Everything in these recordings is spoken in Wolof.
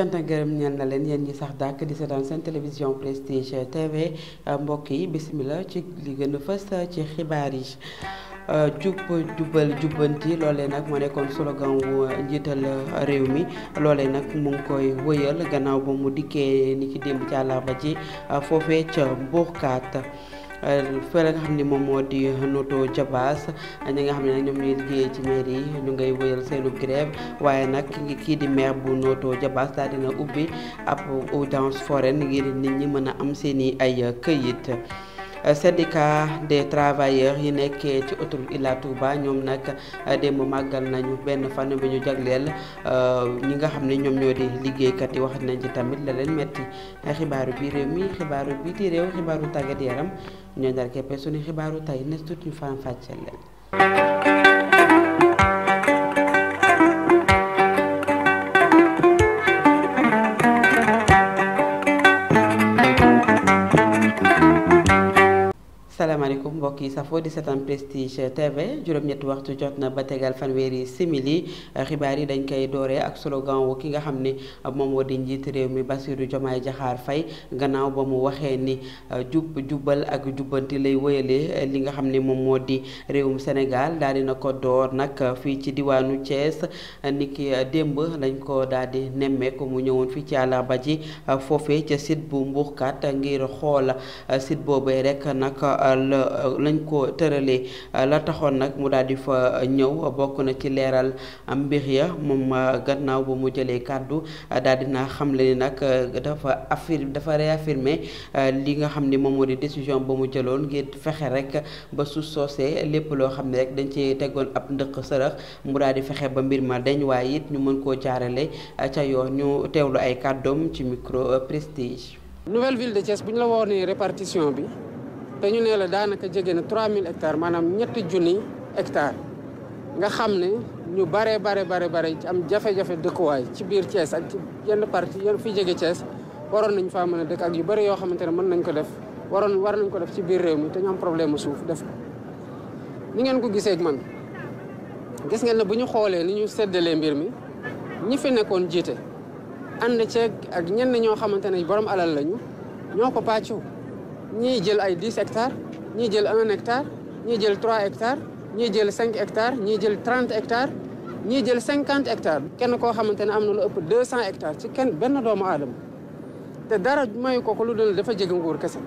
cant ak gërëm ñeel na leen yéen ñi sax dàkk di seetaan seen télévision prestige tv euh, mbokk yi bisimilah ci li gën fës euh, ci xibaar yi euh, jub jubal jubbanti loolee nag moo nekkoon slogan wu njiital réew mi loolee nag mu ngi koy wëyal gannaaw ba mu dikkee ni ki démb ci àllarba ji foofee ca mbuuxkaat Euh, fële nga xam ni moom moo di noto jabaas ñi nga xam ne nag ñoom ñuy liggéeyee ci mairie yi ñu ngay wëyal seenu grève waaye nag kii di maire bu noto jabaas daal dina ubbi ab audience foraine ngir nit ñi mën a am seeni ay këyit Euh, syndicat des travailleurs yi nekkee ci autoroute Ila Touba ñoom nag euh, démb màggal nañu benn fan bi ñu jagleel euh, ñi nga xam ne ñoom ñoo di liggéeykat yi wax nañ ci tamit la leen metti xibaaru bi réew mi xibaaru bi di réew xibaaru tàggat yaram ñoo ndar keppe suñu xibaaru tay ne tuuti ñu faram fàcceel leen asalaamaaleykum mbokk yi safoo di seetaan prestige tv juróom-ñetti waxtu jot na ba tegal fanweeri simili xibaar yi dañ koy dooree ak slogan wu ki nga xam ne moom moo di njiit réew mi Bassirou Diomaye Diakhar Faye gannaaw ba mu waxee ni euh, jub jubal ak jubbanti lay wëyale euh, li nga xam ne moom moo di réewum Sénégal daal dina ko door nag euh, fii ci diwaanu Thiès ni démb lañ ko daldi di mu ñëwoon fii ci ba ji foofee ca site bu mbuuxkat ngir xool site boobee rek nag Euh, lañ ko tëralee euh, la taxoon nag mu daal di fa euh, ñëw bokk na ci leeral mbir ya moom gannaaw ba mu jëlee kàddu daal dina xam le ni nag dafa affirme dafa réaffirmer li nga xam ni moom moo di décision ba mu jëloon ngir fexe rek ba su soosee lépp loo xam ne rek dañ ci tegoon ab ndëq sërëx mu daal di fexe ba mbir ma dañ waaye it ñu mën koo jaarale ca yoon ñu teewlu ay kàddoom ci micro prestige nouvelle ville de Thiès bu ñu la woonee répartition bi te ñu ne la daanaka jege na 3000 hectares maanaam ñetti junni hectares nga xam ne ñu bare bare bare bare ci am jafe-jafe dëkkuwaay ci biir Thiès ak ci yenn partie yenn fi jege Thiès waroon nañ faa mën a dëkk ak yu bëri yoo xamante ne mën nañ ko def waroon war nañ ko def ci biir réew mi te ñu am problème mu suuf def ko ni ngeen ko gisee ak man gis ngeen ne bu ñu xoolee ni ñu seddalee mbir mi ñi fi nekkoon jiite ànd ceeg ak ñenn ñoo xamante ne borom alal lañu ñoo ko pàccu ñii jël ay 10 hectares ñii jël 1 hectare ñii jël 3 hectares ñii jël 5 hectares ñii jël 30 hectares ñii jël 50 hectares kenn koo xamante ne am na lu ëpp 200 hectares ci kenn benn doomu aadama te dara mayu ko ko lu dul dafa jege nguur kese.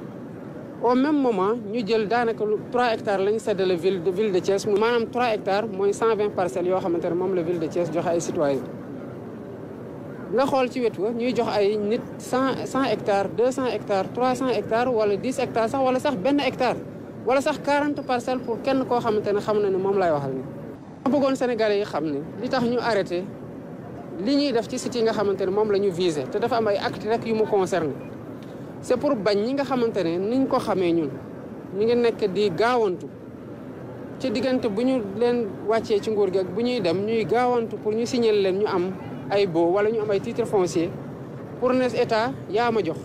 au même moment ñu jël daanaka lu hectares la ñu séddale ville de ville de maanaam 3 hectares mooy parcelles yoo xamante ne moom la ville de Thiès joxe ay citoyens. nga xool ci wetu ñuy jox ay nit cent cent hectares deux cent hectares trois cent hectares wala dix hectares sax wala sax benn hectare wala sax quarante parcelles pour kenn koo xamante ne xam na ne moom lay waxal ni ma bëggoon Sénégalais yi xam ne li tax ñu arrêté li ñuy def ci site yi nga xamante ne moom la ñu visé te dafa am ay acte rek yu mu concerné c'est pour bañ ñi nga xamante ne niñ ko xamee ñun ñu ngi nekk di gaawantu ci diggante bu ñu leen wàccee ci nguur gi bu ñuy dem ñuy gaawantu pour ñu signaler leen ñu am ay boo wala ñu am ay titre foncier pour ne état yaa ma jox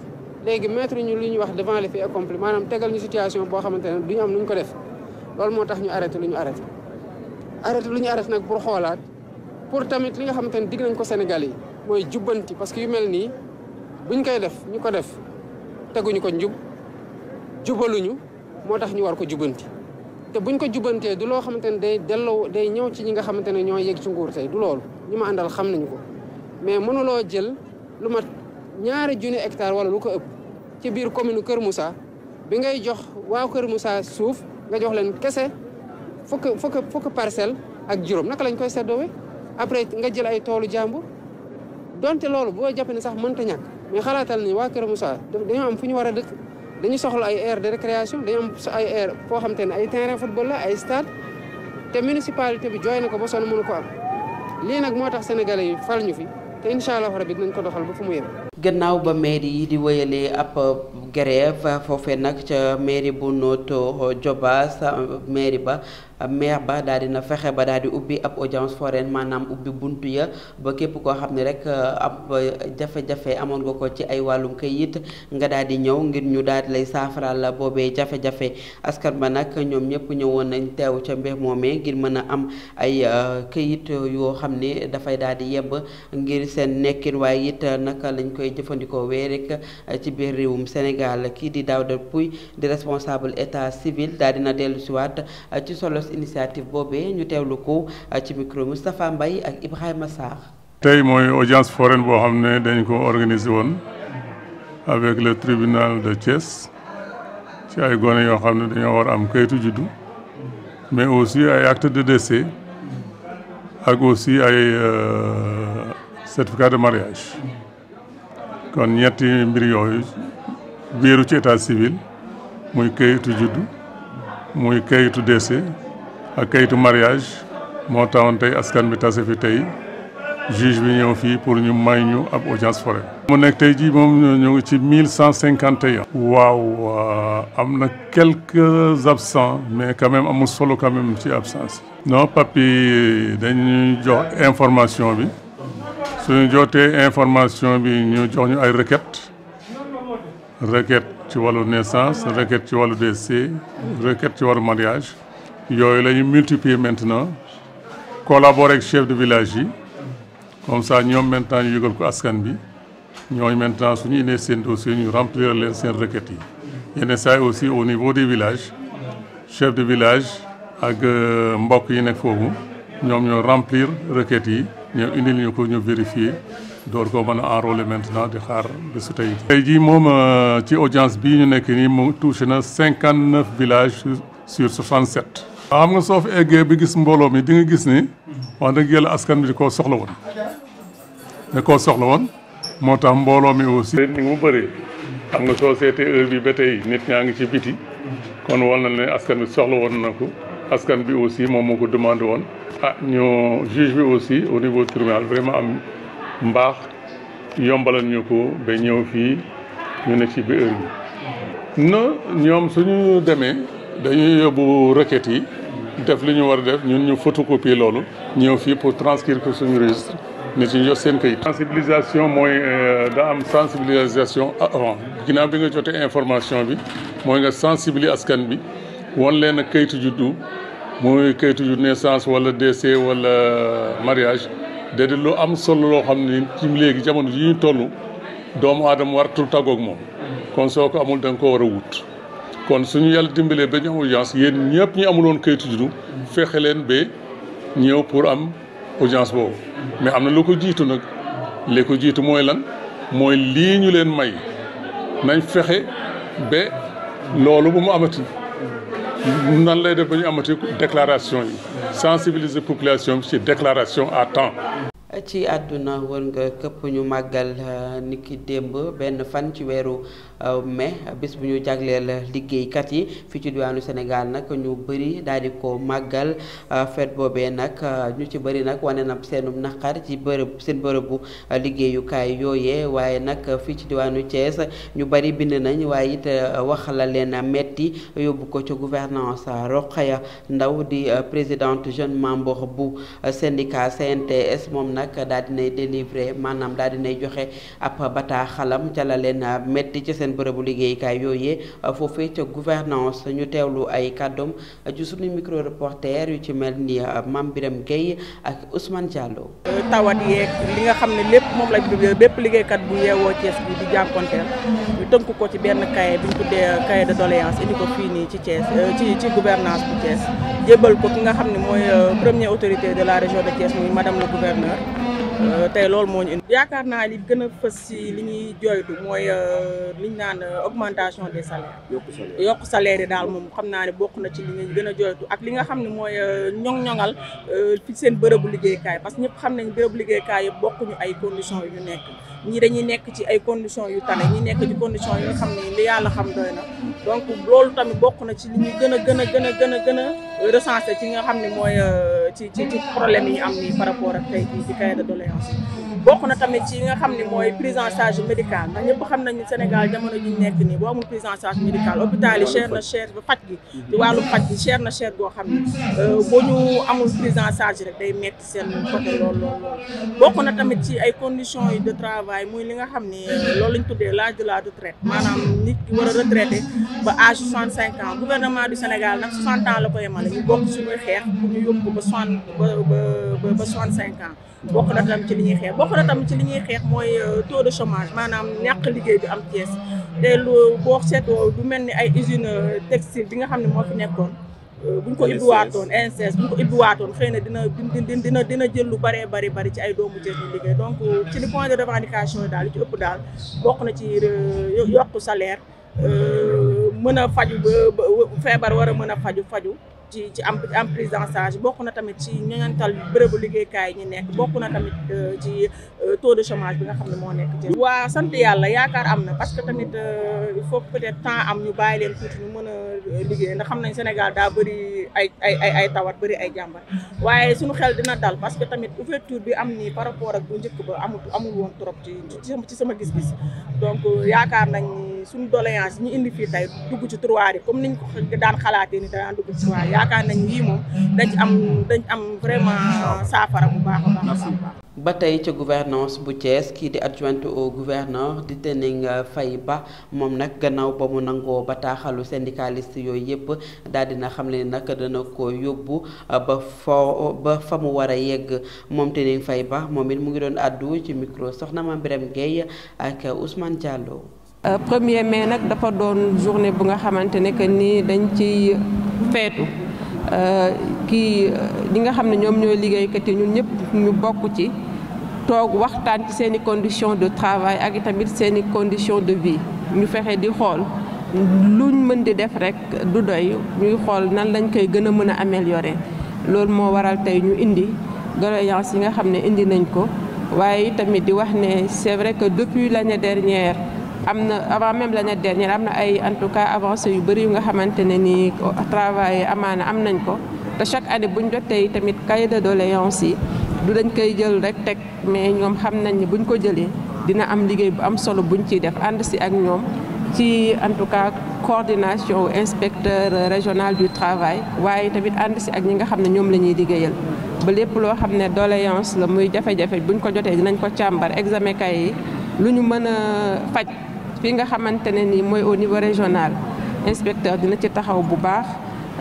léegi mettre ñu lu ñuy wax devant les faits accomplis maanaam tegal ñu situation boo xamante ne du ñu am lu ñu ko def loolu moo tax ñu arrêté lu ñu arrêté arrêté lu ñu nag pour xoolaat pour tamit li nga xamante ne digg nañ ko Sénégal yi mooy jubbanti parce que yu mel nii buñ koy def ñu ko def teguñu ko njub jubaluñu moo tax ñu war ko jubanti te buñ ko jubbantee du loo xamante ne day delloo day ñëw ci ñi nga xamante ne ñoo yegg ci nguur tey du loolu ñi ma àndal xam nañu ko mais mënuloo jël lu mat ñaari junni hectare wala lu ko ëpp ci biir commune Kër Moussa bi ngay jox waa Kër Moussa suuf nga jox leen kese fukk fukk fukk parcelle ak juróom naka lañ koy seddoowee après nga jël ay toolu jàmbur donte loolu boo jàpp ne sax mënta ñàkk mais xalaatal ni waa Kër Moussa dañoo am fu ñu war a dëkk dañu soxla ay aire de récréation dañu am ay aire foo xam te ay terrain football la ay stade te municipalité bi jooy na ko ba sonn mënu ko am lii nag moo tax sénégalais yi fal ñu fi. te incha allah rabi dinañ ko doxal ba fu mu yem. gannaaw ba maire yi di woyalee ab grève foofe nag ca mairie bu Notto Diobass mairie ba maire ba daal dina fexe ba daal di ubbi ab audience foraine maanaam ubbi buntu ya ba képp koo xam ne rek euh, ab euh, jafe-jafe amoon nga ko ci ay wàllum kayit nga daal di ñëw ngir ñu daal di lay saafaral la boobee jafe-jafe askan ba nag ñoom ñëpp ñëwoon nañ teew ca mbir moomee ngir mën a am ay euh, këyit yoo xam ne dafay daal di yemb ngir seen nekkin waaye it naka lañ koy jëfandikoo wee rek ci biir réewum Sénégal kii di Daouda Pouye di responsable état civil daal dina dellu First Initiative boobee ñu teewlu ko uh, ci micro Moustapha Mbaye ak Ibrahima Sarr. tey mooy audience foraine boo xam ne dañ ko organiser woon avec le tribunal de Thiès ci ay gone yoo xam ne dañoo war am kayitu juddu mais aussi ay acte de décès ak aussi ay euh, certificat de mariage kon ñetti mbir yooyu biiru ci état civil muy kayitu juddu muy kayitu décès ak kayitu mariage moo taxoon tey askan bi tase fi tey juge bi ñëw fii pour ñu may ñu ab audience foraine. mu nekk tey jii moom ñu ngi ci mille cent cinquante et un. waaw euh, am na quelques absents mais quand même amul solo quand même ci absence non papi dañuy jox information bi suñu jotee information bi ñu jox ñu ay requête requête ci wàllu naissance requête ci wàllu décès requête ci wàllu mariage. yooyu la ñu maintenant collaborer ak chef de village yi comme ça ñoom maintenant ñu yëgal ko askan bi ñooñu maintenant suñu indee seen dossier ñu remplir leen seen requêtes yi yenn saa yi aussi au niveau de villages chef de village ak euh, mbokk yi nekk foofu ñoom ñoo remplir requêtes yi ñoom indil ñu ko ñu vérifier door ko mën a enrôler maintenant di xaar bésu tey tey jii moom euh, ci audience bii ñu nekk nii mu touché na cinquante neuf villages sur soixante sept am nga soo fi eggee bi gis mbooloo mi di nga gis ni wax dëgg yàlla askan bi di koo soxla woon da koo soxla woon moo tax mbooloo mi aussi ni mu bëree am nga soo seetee ba tey nit ñaa ngi ci biti kon wal na ne askan bi soxla woon na ko askan bi aussi moom mu ko demandé woon ah ñoo juge bi aussi au niveau tribunal vraiment am mbaax yombalal ñu ko ba ñëw fii ñu ne ci bi heure bi na ñoom suñu demee dañuy yóbbu requête yi def li ñu war a def ñun ñu photocopier loolu ñëw fii pour transcrire ko suñu registre nit ñi jox seen kayit. sensibilisation mooy euh, daa am sensibilisation avant ah, oh, ginnaaw bi nga jotee information bi mooy nga sensibiliser askan bi won leen ak kayitu du mooy kayitu juddu naissance wala décès wala euh, mariage déedéet lu am solo loo xam ne ci léegi jamono yi ñu toll doomu aadama wartul tàggoog moom kon soo ko amul danga ko war a wut. kon suñu yàlla dimbalee ba ñu am audience yéen ñëpp ñu amuloon kayitu juddu fexe leen ba ñëw pour am audience boobu mais am na lu ko jiitu nag li ko jiitu mooy lan mooy lii ñu leen may nañ fexe ba loolu bu mu amati nan lay def ba ñu amati déclaration yi sensibiliser population bi ci déclaration à temps ci àdduna wër nga këpp ñu màggal euh, niki démb benn fan ci weeru Euh, mai bis bu ñu jagleel liggéeykat yi fii ci diwaanu Sénégal nag ñu bëri daal di ko màggal euh, fête boobee nag euh, ñu ci bëri nag wane na seenum naqar ci bërëb seen bërëbu liggéeyukaay yooye waaye nag fii ci diwaanu Thiès ñu bari bind nañ waaye it wax la leen metti yóbbu ko ci gouvernance Rokhaya Ndaw di présidente jeune membre bu seen CNTS moom nag daal dinay délivrer maanaam daal nay joxe ab bataaxalam ca la leen metti ci seen seen bërëbu liggéeykaay yooyee euh, foofee ca gouvernance ñu teewlu ay kàddoom euh, ci suñu micro reporter yu ci mel ni euh, mam Birame Gueye ak Ousmane Diallo. tawat yeeg li nga xam ne lépp moom la bépp liggéeykat bu yeewoo Thiès bi di jànkonteel ñu tënk ko ci benn cahier bi ñu tuddee cahier de doléance indi ko fii nii ci Thiès ci ci gouvernance bu Thiès jébbal ko ki nga xam ne mooy premier autorité de la région de Thiès madame le gouverneur Euh, tey loolu moo ñu indi. yaakaar naa li gën a fës si li ñuy jooytu mooy euh, li ñu naan euh, augmentation de salaires. yokk salaire yokku salaire yi daal moom xam naa ne bokk na ci li ñu gën a jooytu ak li nga xam ne mooy ñoŋ-ñoŋal fi seen bërëbu liggéeykaay parce que ñëpp xam nañ bërëbu liggéeykaay yi bokkuñu ay conditions yu nekk ñii dañuy nekk ci ay conditions yu tane ñi nekk ci conditions yu xam ne li yàlla xam doy na donc loolu tamit bokk na ci li ñu gën a gën a gën a gën a gën a recensé ci nga xam ni mooy ci ci ci problème yi am nii par rapport ak tey jii ci cahier de expérience yi bokk na tamit ci nga xam ni mooy prise en charge médicale ndax ñëpp xam nañu Sénégal jamono ji nekk nii boo amul prise en charge médicale hôpital yi cher na cher ba faj gi ci wàllu faj gi cher na cher boo xam ne euh, boo ñu amul prise en charge rek day metti seen côté lool lool lool bokk na tamit ci ay conditions yi de travail muy li nga xam ni loolu lañ tuddee l'âge de la retraite maanaam nit ki war a retraité ba âge soixante cinq ans gouvernement du Sénégal nag soixante ans xeex pour ñu yóbbu ba soixante ba ba na tamit ci li ñuy xeex bokk na tamit ci li ñuy xeex mooy euh, taux de chômage maanaam ñàkk liggéey bi am Thiès te lu boo seetloo du mel ni ay usine euh, textile bi nga xam ne moo fi nekkoon euh, buñ ko ibbiwaatoon INSS buñ ko ibbiwaatoon xëy na dina dina dina jël lu bëree bari bari ci ay doomu Thiès ñu liggéey donc ci li point de revendication yi daal li ci ëpp daal bokk na ci yokku salaire mën a faj ba feebar war a mën a faju faju ci ci am am prise en charge bokk na tamit ci ñoñantal bërëbu liggéeykaay ñi nekk bokk na tamit euh, ci euh, taux de chômage bi nga xam ne moo nekk ci waa sant yàlla yaakaar am na parce que tamit euh, il faut peut-être temps am ñu bàyyi leen tuuti ñu mën a liggéey na xam nañ Sénégal daa bëri ay tawat bëri ay jàmbar waaye suñu xel dina dal parce que tamit ouverture bi am nii par rapport ak bu njëkk ba amul amul woon trop ci ci sama gis-gis donc yaakaar nañ suñu doléance ñu indi fii tey dugg ci tiroir yi comme niñ ko daan xalaatee ni daan dugg ci tiroir yaakaar nañ yii moom dañ am dañ am vraiment saafara bu baax a baax ba tey ca gouvernance bu Thiès kii di adjointe au gouverneur di Tening euh, fay Ba moom nag gannaaw ba mu nangoo bataaxalu syndicaliste yooyu yëpp daal dina xam ne nag dana ko yóbbu euh, ba ba fa mu war a yegg moom Tening fay Ba moom it mu ngi doon àddu ci micro soxna ma Birame Gueye ak Ousmane Diallo. Euh, premier mais nag dafa doon journée bu nga xamante ne que ni dañ ciy feetu euh, kii euh, ñi nga xam ne ñoom ñoo liggéeykat ñun ñëpp ñu bokk ci toog waxtaan ci seen i conditions de travail ak tamit seen i conditions de vie ñu fexe di xool luñ mën di def rek du doy ñuy xool nan lañ koy gën a mën a améliorer loolu moo waral tey ñu indi doléances yi nga xam ne indi nañ ko waaye tamit di wax ne c'est vrai que depuis l'année dernière am na avant même l'année dernière am na ay en tout cas avancé yu bëri yu nga xamante ne nii travail amaana am nañ ko te chaque année buñ jotee tamit cahier de doléance yi du dañ koy jël rek teg mais ñoom xam nañ ne buñ ko jëlee dina am liggéey bu am solo buñ ciy def ànd ak ñoom ci en tout cas coordination inspecteur régional du travail waaye tamit ànd si ak ñi nga xam ne ñoom la ñuy liggéeyal ba lépp loo xam ne doléance la muy jafe-jafe buñ ko jotee dinañ ko càmbar examen kay yi lu ñu mën a faj fii nga xamante ne nii mooy au niveau régional inspecteur dina ci taxaw bu baax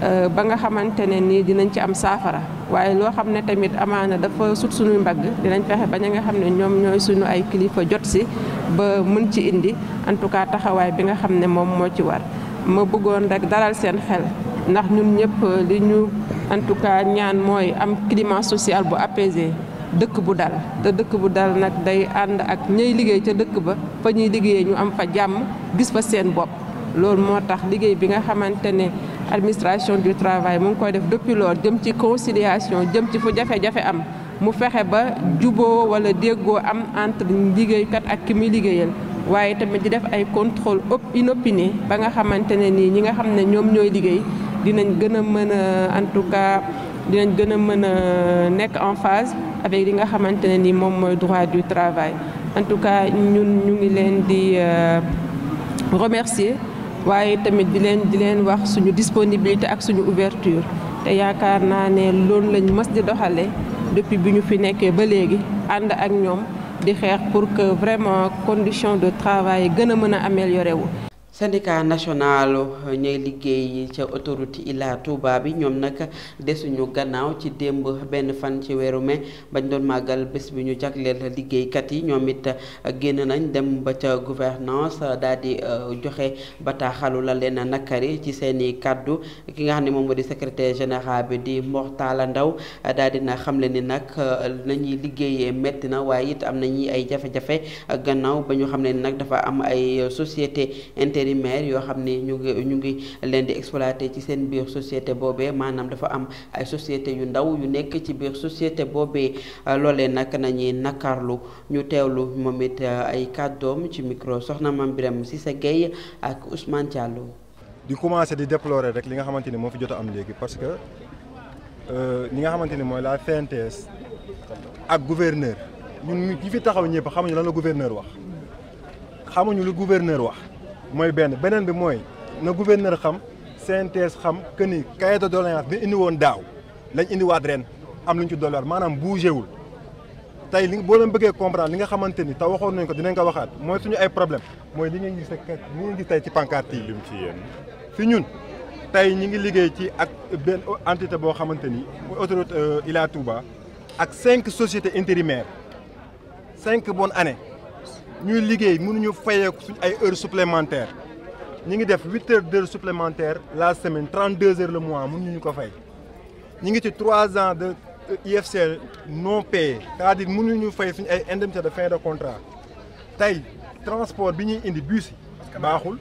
euh, ba nga xamante ne nii dinañ ci am saafara waaye loo xam ne tamit amaana dafa sut suñuy mbagg dinañ fexe ba ña nga xam ne ñoom ñooy suñu ay kilifa jot si ba mën ci indi en tout cas taxawaay bi nga xam ne moom moo ci war ma bëggoon rek daral seen xel ndax ñun ñëpp li ñu en tout cas ñaan mooy am climat social bu apaisé dëkk bu dal te dëkk bu dal nag day ànd ak ñay liggéey ca dëkk ba fa ñuy liggéeyee ñu am fa jàmm gis fa seen bopp loolu moo tax liggéey bi nga xamante ne administration du travail mu ngi koy def depuis loolu jëm ci conciliation jëm ci fu jafe-jafe am mu fexe ba juboo wala déggoo am entre liggéeykat ak ki muy liggéeyal waaye tamit di def ay control contrôle inopiné ba nga xamante ne nii ñi nga xam ne ñoom ñooy liggéey dinañ gën a mën a en tout dinañ gën a mën a nekk en phase avec li nga xamante ne ni moom mooy droit du travail en tout cas ñun ñu ngi leen di euh, remercier waaye tamit di leen di leen wax suñu disponibilité ak suñu ouverture te yaakaar naa ne loolu lañ mës di doxale depuis bi ñu fi nekkee ba léegi ànd ak ñoom di xeex pour que vraiment condition de travail gën a mën a amélioré wu syndicat national euh, ñooy liggéey ca autoroute Ila Touba yi ñoom nag desuñu gannaaw ci démb benn fan ci weeru me bañ doon màggal bés bi ñu jagleel liggéeykat yi ñoom it euh, génn nañ dem ba ca gouvernance euh, daal di joxe bataaxalu la leen nakari ci seeni kàddu ki nga xam ne moom moo di secrétaire général bi di Mortala Ndaw daal di na xamle ni nag nañuy liggéeyee métti na waaye it am nañuy ay jafe-jafe gannaaw ba ñu xam ne ni nag dafa am ay société inter téeméeri maire yoo xam ne ñu ngi ñu ngi leen di exploité ci seen biir société boobee maanaam dafa am ay société yu ndaw yu nekk ci biir société boobee euh, loolee nak nañuy nakarlu ñu teewlu moom it euh, ay kàddoom ci micro soxna Mame Birame Cissé Gueye ak Ousmane Diallo. di commencer di déplorer rek li nga xamante ni moo fi jot am léegi parce que euh, li nga xamante ni mooy la FNTS ak gouverneur ñun ñi fi taxaw ñëpp xamuñu lan gouverneur wax xamuñu lu gouverneur wax. mooy benn beneen bi mooy na gouverneur xam CNTS xam que ni cahier de doléance bi indi woon daaw lañ indiwaat ren am luñ ci dolliwaat maanaam bougé wul tey li boo leen bëggee comprendre li nga xamante ni te waxoon nañ ko dinañ ko waxaat mooy suñu ay problème mooy li ñu gis li ngeen gis tey ci pancarte yi. lim ci yéen fi ñun tey ñi ngi liggéey ci ak benn entité boo xamante ni autoroute euh, Ila Touba ak cinq sociétés intérimaires cinq bonnes années. ñuy liggéey mënuñu fayeeku suñ ay heures supplémentaires ñi ngi def huit heures d'heures supplémentaires la semaine trente deux heures le mois mënuñu ko fay ñi ngi ci trois ans de IFC non payé c'est-à-dire mënuñu fay suñ ay indemnités de fin de contrat tey transport bi ñuy indi bus baaxul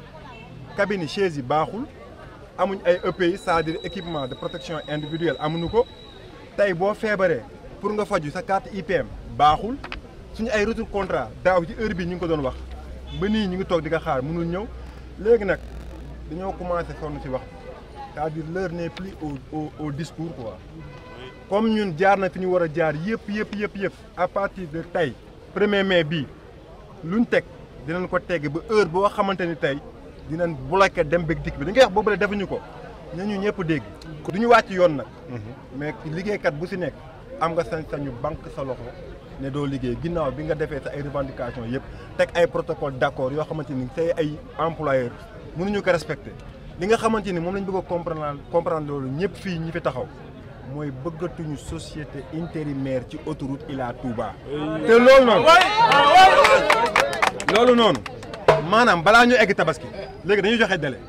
cabine yi chaise yi baaxul amuñ ay EPI cest à équipement de protection individuelle amuñu ko tey boo feebaree pour nga faju sa carte IPM baaxul suñu ay retour contrat daaw ci heure bii ñu ngi ko doon wax ba nii ñu ngi toog di ko xaar mënul ñëw léegi nag dañoo commencé sonn ci wax c'est-à-dire l'heure n'est plus au au discours quoi comme ñun jaar na fi ñu war a jaar yëpp yëpp yëpp yëpp à partir de tey premier mai bii ñu teg dinañ ko tegg ba heure boo xamante ni tey dinañ bloqué dem bëgg dikk bi dañ koy wax boobule defuñu ko ñu ñëpp dégg du ñu wàcc yoon nag mhm. mais liggéeykat bu si nekk am nga sañ-sañu banque sa loxo ne doo liggéey ginnaaw bi nga defee sa ay revendications yëpp teg ay protocole d'accord yoo xamante ni say ay employeur mënuñu ko respecter li nga xamante ni moom lañ bëgg a comprendre comprendre loolu ñëpp fii ñi fi taxaw mooy bëggatuñu société intérimaire ci autoroute illa Touba. te loolu noonu. loolu noonu maanaam balaa ñu egg tabaski léegi dañuy joxe délai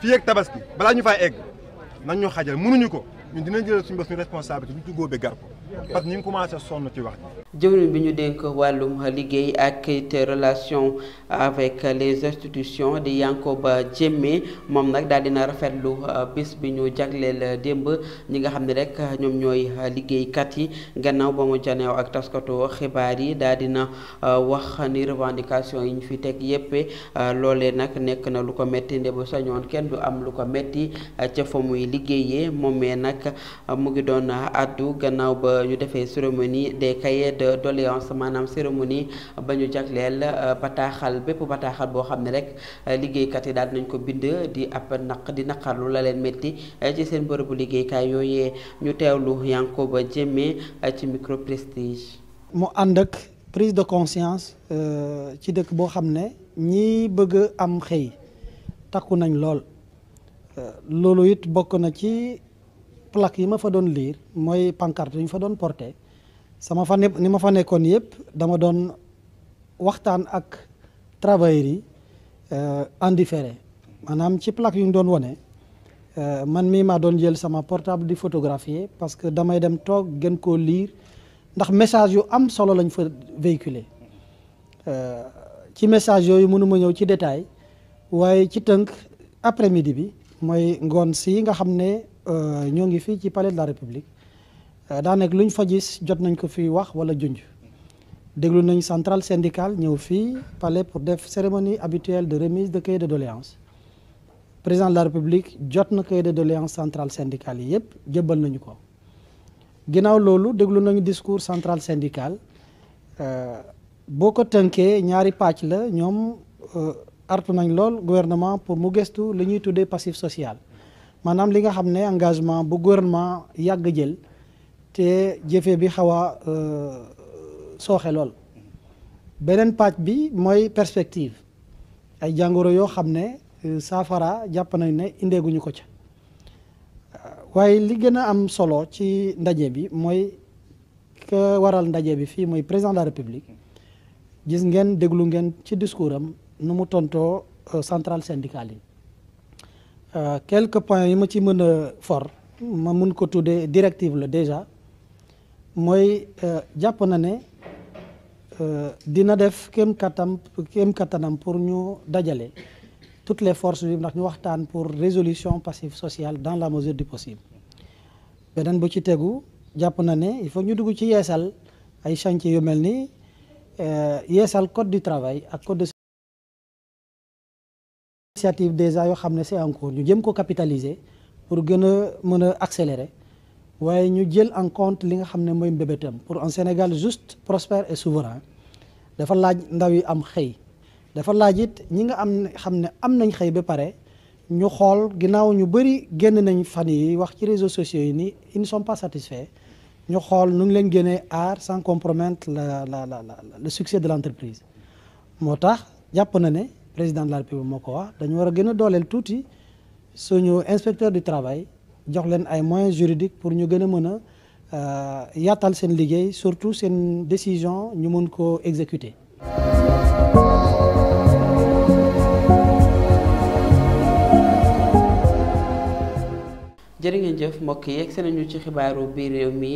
fii ak tabaski balaa ñu fay egg nañ ñu xajal mënuñu ko ñu dina jël suñu bés suñu responsabilité ñu tuggoo be gar ko. parce que ñu ngi commencé bi ñu dénk wàllum liggéey ak it relation avec les institutions di ba Diémé moom nag daal dina rafetlu euh, bis bi ñu jagleel euh, démb ñi nga xam ne rek euh, ñoom ñooy liggéeykat yi gannaaw ba mu janeew ak taskatu xibaar yi daal dina wax ni revendication yi ñu fi teg yéppe loole nag nekk na lu ko metti nde bu sañoon kenn du am lu ko metti ca fa muy liggéeyee moomee nag mu ngi doon addu gannaaw ba ñu defee cérémonie des cahiers de doléances maanaam cérémonie ba ñu jagleel euh, bataaxal bépp bataaxal boo xam ne rek euh, liggéeykat yi daal nañ ko bind di ab naq di naqarlu la leen métti euh, ci seen bërëbu liggéeykaay yooyee ñu teew lu teewlu Yankoba Diémé ci micro prestige. mu ànd ak prise de conscience ci dëkk boo xam ne ñii bëgg am xëy takku nañ lool loolu it bokk na ci. plaque yi ma fa doon liir mooy pancarte yi ñu fa doon porté sama fa nekk ni ma fa nekkoon yëpp dama doon waxtaan ak travailleurs yi euh, en différé maanaam ci plaque yu ñu doon wone euh, man mii maa doon jël sama portable di photographier parce que damay dem toog gën koo liir ndax message yu am solo lañ fa véhiculer euh, ci message yooyu mënuma ñëw ci détail waaye ci tënk après midi bi mooy ngoon si nga xam ne Euh, ñoo ngi fii ci palais de la république euh, daanaka luñ fa gis jot nañ ko fi wax wala junj déglu nañ centrale syndicale ñëw fii palais pour def cérémonie habituelle de remise de cahier de doléance président de la république jot na cahier de doléance centrale syndicale yi yëpp jébbal nañu ko ginnaaw loolu déglu nañu discours centrale syndicale euh, boo ko tënkee ñaari pàcc la ñoom artu nañ lool gouvernement pour mu gëstu li ñuy tuddee passif social maanaam li nga xam ne engagement bu gouvernement yàgg jël te jëfe bi xaw a euh, sooxe lool beneen pàcc bi mooy perspective ay jàngoro yoo xam ne euh, saafara jàpp nañ ne indeeguñu ko ca euh, waaye li gën a am solo ci ndaje bi mooy ke waral ndaje bi fii mooy président la république gis ngeen déglu ngeen ci discours am nu mu tontoo centrale syndicale yi Euh, quelque points yi ma ci mën a for ma mun ko tuddee directive la déjà mooy euh, jàpp na ne euh, dina def kéem kattam kéem kattanam pour ñu dajale toutes les forces bi ndax ñu waxtaan pour résolution passive sociale dans la mesure du possible beneen bu ci tegu jàpp na ne il faut ñu dugg ci yeesal ay chantier yu mel ni yeesal code du travail ak code de initiative déjà yoo xam ne c'est en ñu jëm ko capitaliser pour gën a mën a accélérer waaye ñu jël en compte li nga xam ne mooy mbébétam pour un Sénégal juste prospère et souverain dafa laaj ndaw yi am xëy dafa laaj it ñi nga am xam ne am nañ xëy ba pare ñu xool ginnaaw ñu bëri génn nañ fan yi wax ci réseaux sociaux yi nii ils ne sont pas satisfaits ñu xool nu ngi leen génnee aar sans compromettre la la la le succès de l'entreprise moo tax jàpp na ne président de la république moo ko wax dañu war a gën a dooleel tuuti suñu inspecteur du travail jox leen ay moyens juridiques pour ñu gën a mën a euh, yaatal seen liggéey surtout seen décision ñu mën ko exécuter jërë ngeen jëf mbokk yi yegg nañu ci xibaaru biir réew mi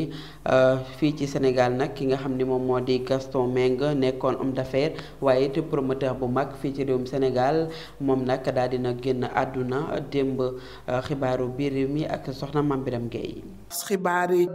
euh, fii ci Sénégal nag ki nga xam ni moom moo di Gaston Mbengue nekkoon homme d'affaires waaye it promoteur bu mag fii ci réewum senegal moom nag daal dina génn àdduna démb euh, xibaaru biir réew mi ak soxna Mame Birame Gueye xibaar yi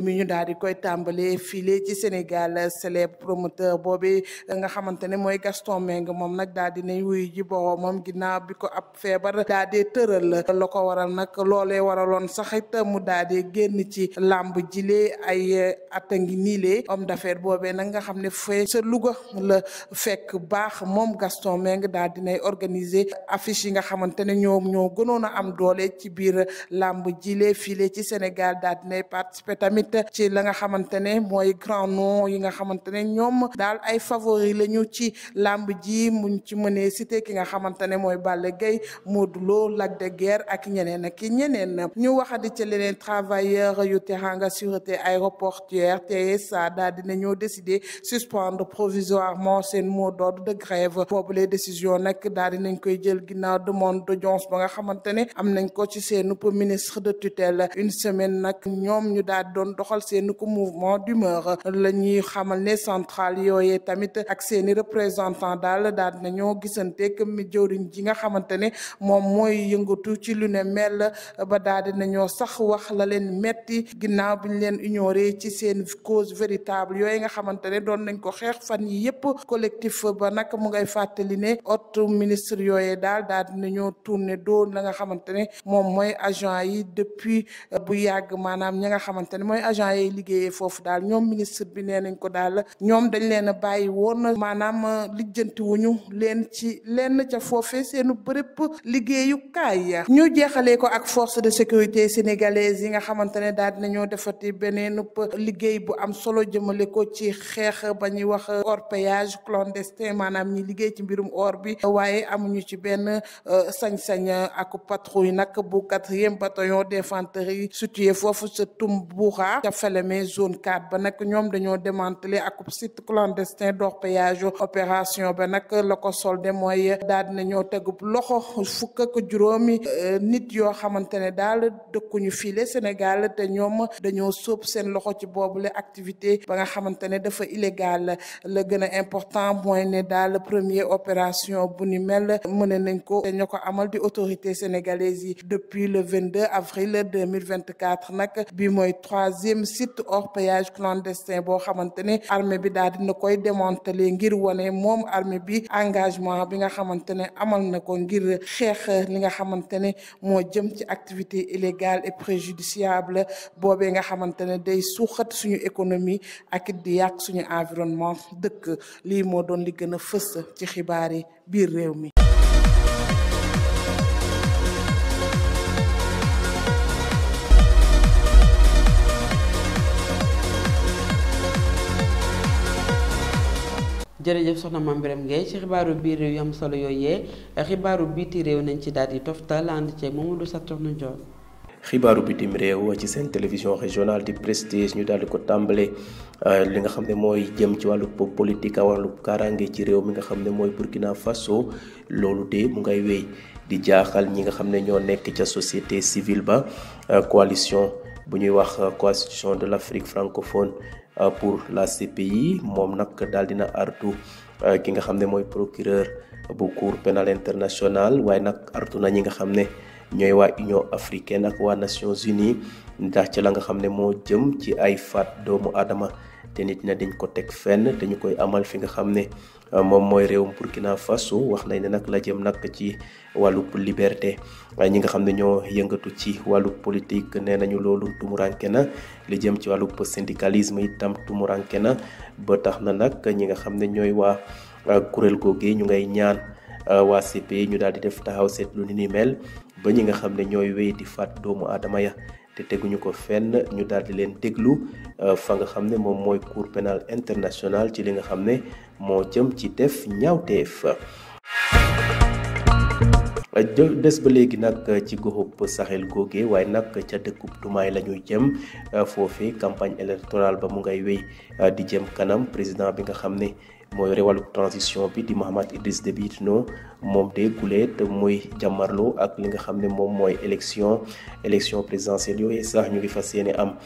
mi ñu daal di koy tàmbalee file ci Sénégal célèbre promoteur boobu nga xamante ne mooy Gaston Mbengue moom nag daal di nay wuyu ji boroomam ginnaaw bi ko ab feebar daal di tëral la ko waral nag loolee waral waraloon sax it mu daal di génn ci làmb jilee ay eh, atta ngi niilee homme d'affaires boobee nag nga xam ne fee sa Louga la fekk baax moom Gaston Mbengue daal dinay organiser affiche yi nga xamante ne ñoom ñoo gënoon a am doole ci biir làmb jilee file ci Sénégal daal dinay participer tamit ci la nga xamante ne mooy grand nom yi nga xamante ne ñoom daal ay favori la ñu ci lamb ji mu ci mënee cité ki nga xamante ne mooy Balla Gaye Modou Lac de Guiers ak ñeneen ak ñeneen ñu waxandi ci leneen travailleurs yu Teranga sûreté aéroportuaire TSA daal dina ñoo décider suspendre provisoirement seen mot d'ordre de grève boobule décision nag daal dinañ koy jël ginnaaw demande d'audience ba nga xamante ne am nañ ko ci seen ministre de tutelle une semaine nag ñoom ñu daal doon doxal seen ko mouvement d'humeur la ñuy xamal ne centrale yooyee tamit ak seen i représentant daal daal nañoo gisante ak jëwriñ ji nga xamante ne daal dinañoo sax wax la leen metti ginnaaw bi ñu leen ignoré ci seen cause véritable yooyu nga xamante ne doon nañ ko xeex fan yi yépp collectif ba nag mu ngay fàttali ne autre ministre yooye daal daal dinañoo tourné doon la nga xamante ne moom mooy agent yi depuis euh, bu yàgg maanaam ñi nga xamante ne mooy agent yi liggéeyee foofu daal ñoom ministre bi nee nañ ko daal ñoom dañ leen a bàyyi woon maanaam euh, lijjanti wuñu leen ci lenn ca foofe seenu bërëb liggéeyukaay ñu jeexalee ko autorité sénégalaise yi nga xamante ne daal dinañoo defati beneen liggéey bu am solo jëmale ko ci xeex ba ñuy wax or orpaillage clandestin maanaam ñi liggéey ci mbirum or bi waaye amuñu ci benn euh, sañ-sañ ak patrouille nag bu quatrième bataillon d'infanterie situé foofu sa Tumbuxa ca Falémé zone 4 ba nag ñoom dañoo démantelé ak site clandestin d'orpaillage opération ba nag la ko soldé mooy daal dinañoo tegub loxo fukk ak juróomi euh, nit yoo xamante ne dëkkuñu file Sénégal te ñoom dañoo sóob seen loxo ci boobule activité ba nga xamante ne dafa illégal la gën a important mooy ne daal première opération bu ni mel mëne nañ ko te ñoo ko amal di autorité sénégalaise yi depuis le vingt 22 avril 2024 nag bi mooy troisième site hors péage clandestin boo xamante ne armée bi daal dina koy démanteler ngir wane moom armée bi engagement bi nga xamante ne amal na ko ngir xeex li nga xamante illégale et préjudiciable boobee nga xamante ne day suuxat suñu économie ak suñu environnement dëkk lii moo doon li gën a fës ci xibaar biir réew mi. jërëjëf soxna Mame Birame Gueye ci xibaaru biir réew yu am solo yooyee xibaaru biiti réew nañ ci daal di toftal ànd ceeg Mamadou Sator Ndiol xibaaru bitim réew ci seen télévision régionale di prestige ñu daal di ko tàmbale euh, li nga xam ne mooy jëm ci wàllu politique a wàllu kaaraange ci réew mi nga xam ne mooy Burkina Faso loolu de mu ngay wéy di jaaxal ñi nga xam ne ñoo nekk ca société civile ba euh, coalition bu ñuy wax euh, coalition de l'Afrique francophone pour la CPI moom nag daal dina artu ki nga xam ne mooy procureur bu cour pénale internationale waaye nag artu na ñi nga xam ne ñooy waa Union africaine ak waa Nations Unies ndax ci la nga xam ne moo jëm ci ay faat doomu aadama te nit na dañ ko teg fenn te ñu koy amal fi nga xam ne euh, moom mooy réewum Burkina Faso wax nañ ne nag la jëm nag ci wàllub liberté euh, ñi nga xam ne ñoo yëngatu ci wàllub politique nee nañu loolu tumuranke na li jëm ci wàllub syndicalisme itam tumuranke na ba tax na nag ñi nga xam ne ñooy waa euh, kuréel googee ñu ngay ñaan waa CPI e ñu daal di def taxaw seetlu ni ni mel ba ñi nga xam ne ñooy wéy di faat doomu aadama ya te teguñu ko fenn ñu daal di leen déglu euh, fa nga xam ne moom mooy cour pénal international ci li nga xam ne moo jëm ci def ñaawteef des ba léegi nag ci goxub Sahel googe waaye nag ca dëkku Dumaay la ñuy jëm foofe campagne électorale ba mu ngay wéy di jëm kanam président bi nga xam ne mooy rewal transition bi di Mahamat Idriss Déby no moom de guleet muy jamarlo ak li nga xam ne moom mooy élection élection présidentielle yooyu sax ñu ngi fa yéene am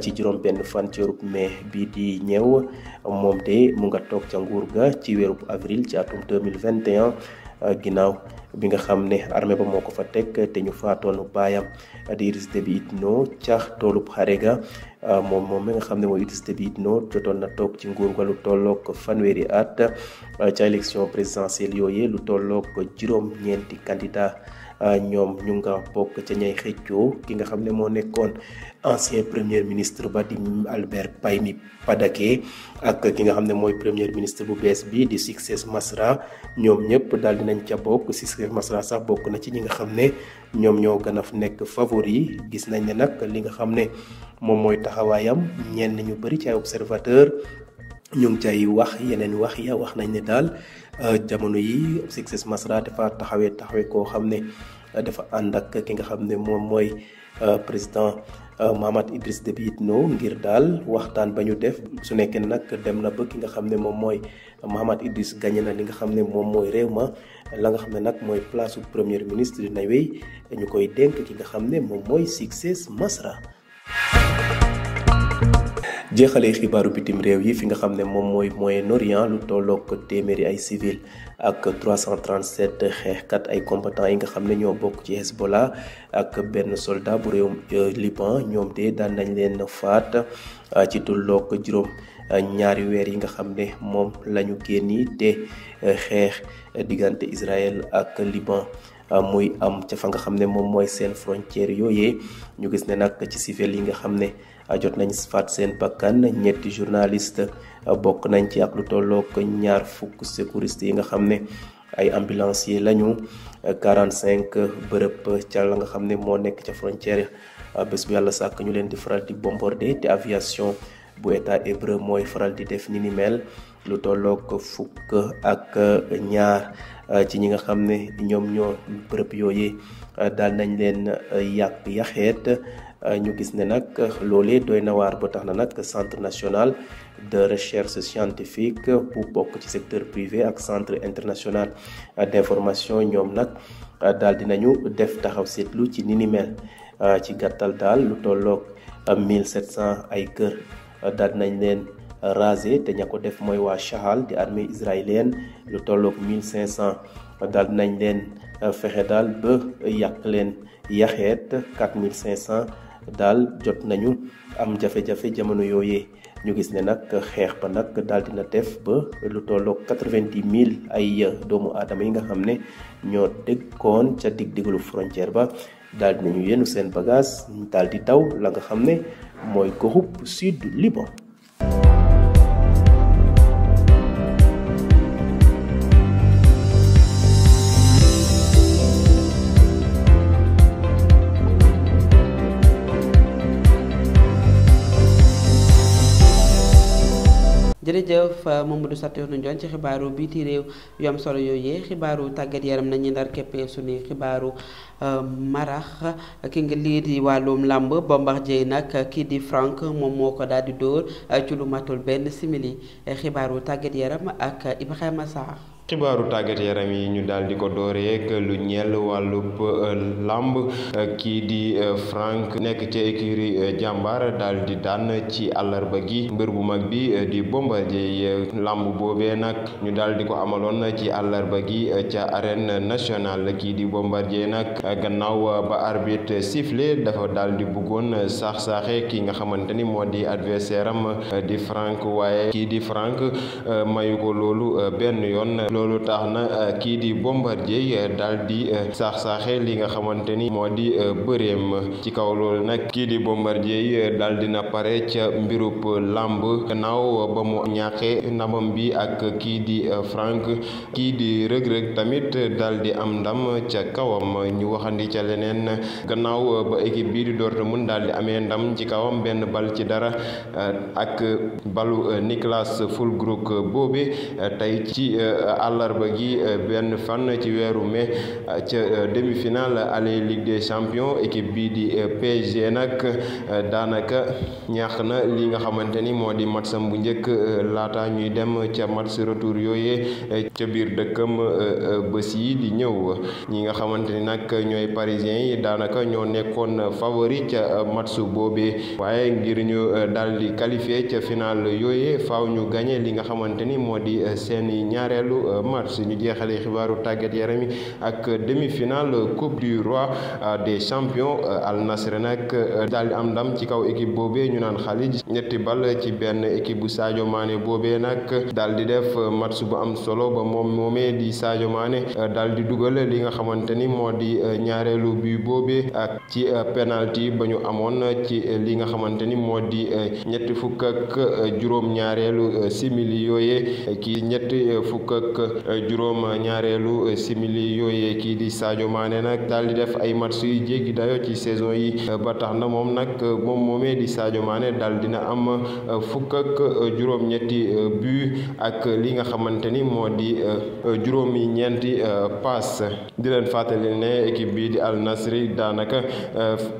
ci juróom benn fan ci weerub mai bii di ñëw moom de mu nga toog ca nguur ga ci weerub avril ci atum 2021 Euh, ginnaaw bi nga xam ne armée ba moo ko fa teg te ñu faatoon baayam di bi it Itno ca toolub xare ga euh, moom moom mi nga xam ne mooy Idriss Déby Itno jotoon na toog ci nguur ga lu tolloog fanweeri at euh, ca élection présidentielle yooyu lu tollook juróom-ñeenti candidat ñoom ñu nga bokk ca ñay xëccoo ki nga xam ne moo nekkoon ancien première ministre ba di Albert Payni Padaké ak ki nga xam ne mooy premier ministre bu bees bi di Succès Masra ñoom ñëpp daal nañ ca bokk Succès Masra sax bokk na ci ñi nga xam ne ñoom ñoo gën a nekk favori gis nañ ne nag li nga xam ne moom mooy taxawaayam ñenn ñu bëri ci ay observateur ñu ngi cay wax yeneen wax ya wax nañ ne daal euh, jamono yi Succès Masra dafa taxawee taxawee koo xam ne dafa ànd ak ki nga xam ne moom mooy euh, président Euh, Mamat Idriss Déby it ñëw ngir daal waxtaan ba ñu def su nekkee nag dem na ba ki nga xam ne moom mooy Mamat Idriss gagné na li nga xam ne moom mooy réew ma la nga xam ne nag mooy place su premier ministre na wéy ñu koy dénk ki nga xam ne moom mooy Succès Masra jeexalee xibaaru bitim réew yi fi nga xam ne moom mooy Moyen-Orient lu tolloog téeméeri ay civil ak 337 xeexkat ay combattants yi nga xam ne ñoo bokk ci Hezbollah ak benn soldat bu réewum euh, Liban ñoom de daan nañ leen faat euh, ci tolloog juróom euh, ñaari weer yi nga xam ne moom lañu génni te xeex diggante Israël ak Liban Euh, muy am ca fa nga xam ne moom mooy seen frontière yooyee ñu gis ne nag ci civil yi nga xam ne euh, jot nañ faat seen bakkan ñetti journaliste euh, bokk nañ ci ak lu tolloo ko ñaar fukk sécuriste yi nga xam ne ay ambulancier lañu 45 bërëb ca la nga xam ne moo nekk ca frontière bés bu yàlla sàkk ñu leen di faral di bombardé te aviation bu état hébreu mooy faral di def ni mel lu tolloog fukk ak eh, ñaar eh, ci ñi nga xam ne ñoom ñoo bërëb yooyu eh, daal nañ leen yàq yaxeet ñu gis ne nag loolee doy na waar ba tax na nag centre national de recherche scientifique bu bokk ci secteur privé ak centre international d'information ñoom nag daal dinañu def taxaw seetlu ci ni ni ci gàttal daal lu tolloog 1700 ay kër daal nañ leen rasé te ña ko def mooy waa Chahal di armée israélienne lu tolloog 1500 daal nañ leen euh, fexe daal ba yàq leen yaxeet 4500 daal jot nañu am jafe-jafe jamono yooyee ñu gis ne nag xeex ba nag daal dina def ba lu tolloog 90 000 ay euh, doomu aadama yi nga xam ne ñoo dëkkoon ca dig-digalu frontière ba daal nañu yenu seen bagage daal di daw la nga xam ne mooy goxub sud Liban moom jërëjëf Mamadou Saturne Ndione ci xibaaru bii ti réew yu solo yooyee xibaaru tàggat yaram nañu ndar keppee suñu xibaaru euh, marax ki nga lii di wàllum làmb Bombardier nag kii di Franc moom moo ko daal di dóor euh, ci lu matul benn simili xibaaru tàggat yaram ak Ibrahima Sarr xibaaru tàggat yaram yi ñu daal di ko dooreek lu ñeel wàllub euh, làmb euh, kii di euh, Frank nekk ci écurie jàmbar daal di daan ci àllarba gi mbër bu mag bi di Bombardier làmb boobee nag ñu daal di ko amaloon ci àllarba gi ca arène nationale kii di Bombardier nag gannaaw ba arbitre sifflé dafa daal di bëggoon saax saaxe kii nga xamante ni moo di adversaire di Frank waaye kii di Frank mayu ko loolu benn yoon. loolu tax na euh, kii di Bombardier euh, daal di euh, saax-saaxe li nga xamante ni moo di bëreem ci kaw loolu nag kii di Bombardier daal na pare ca mbirub làmb gannaaw ba mu ñaaxee ndamam bi ak kii di Frank kii di rëg-rëg tamit daal di am ndam ca kawam ñu waxandi ca leneen gannaaw ba équipe bi di Dortmund daal di amee ndam ci kawam benn bal ci dara ak balu Niklas Füllkrug boobe tey ci àllarba gi euh, benn fan ci weeru mai euh, ca euh, demi final aller Ligue des champions équipe bii di PSG nag daanaka ñàkk na li nga xamante ni moo di matsam bu njëkk laata ñuy dem ca match retour yooyee ca biir dëkkam bés yi di ñëw ñi nga xamante ni nag ñooy parisien yi daanaka ñoo nekkoon favori ca match boobee waaye ngir ñu daal di qualifié ca final yooyee faaw ñu gagné li nga xamante ni moo di seeni ñaareelu mars ñu jeexale xibaaru tàgget yaram yi ak demi-finale coupe du roi euh, des champions euh, Al Nassr nag euh, daal di am ndam ci kaw équipe boobee ñu naan Khalid ñetti bal ci benn équipe bu Sadio maane boobee nag daal di def match bu am solo ba moom moomee di saajo maane daal di dugal li nga xamante ni moo di ñaareelu bi ak ci penalty ba ñu amoon ci li nga xamante ni moo di ñetti fukk ak juróom-ñaareelu simili yooyee ki ñetti fukk ak juróom ñaareelu simili yooyee kii di Sadio Mané nag daal di def ay match yu jéggi dayo ci saison yi ba tax na moom nag moom moomee di Sadio Mané daal dina am fukk ak juróom-ñetti but ak li nga xamante ni moo di juróomi ñeenti passe di leen fàttali ne équipe bii di Al Nasri daanaka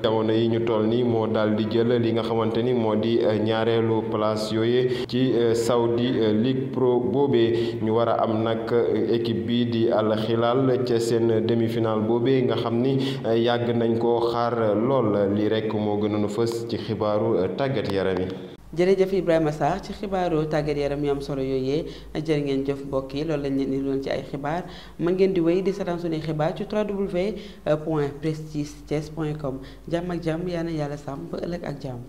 jamono yi ñu toll nii moo daal di jël li nga xamante ni moo di ñaareelu place yooye ci Saudi League Pro boobee ñu war am nag nag équipe bi di Al Hilal ca seen demi-finale boobee nga xam ni eh, yàgg nañ koo xaar lool lii rek moo gënoon a fës ci xibaaru tàggat yaram yi. jërëjëf Ibrahima Sarr ci xibaaru tàggat yaram yu am solo yooyee jërë ngeen jëf mbokk yi loolu lañ leen ci ay xibaar mën ngeen di wéy di seetaan suñuy xibaar ci www.prestigethies.com jàmm ak jàmm yaa na yàlla sàmm ba ëllëg ak jàmm.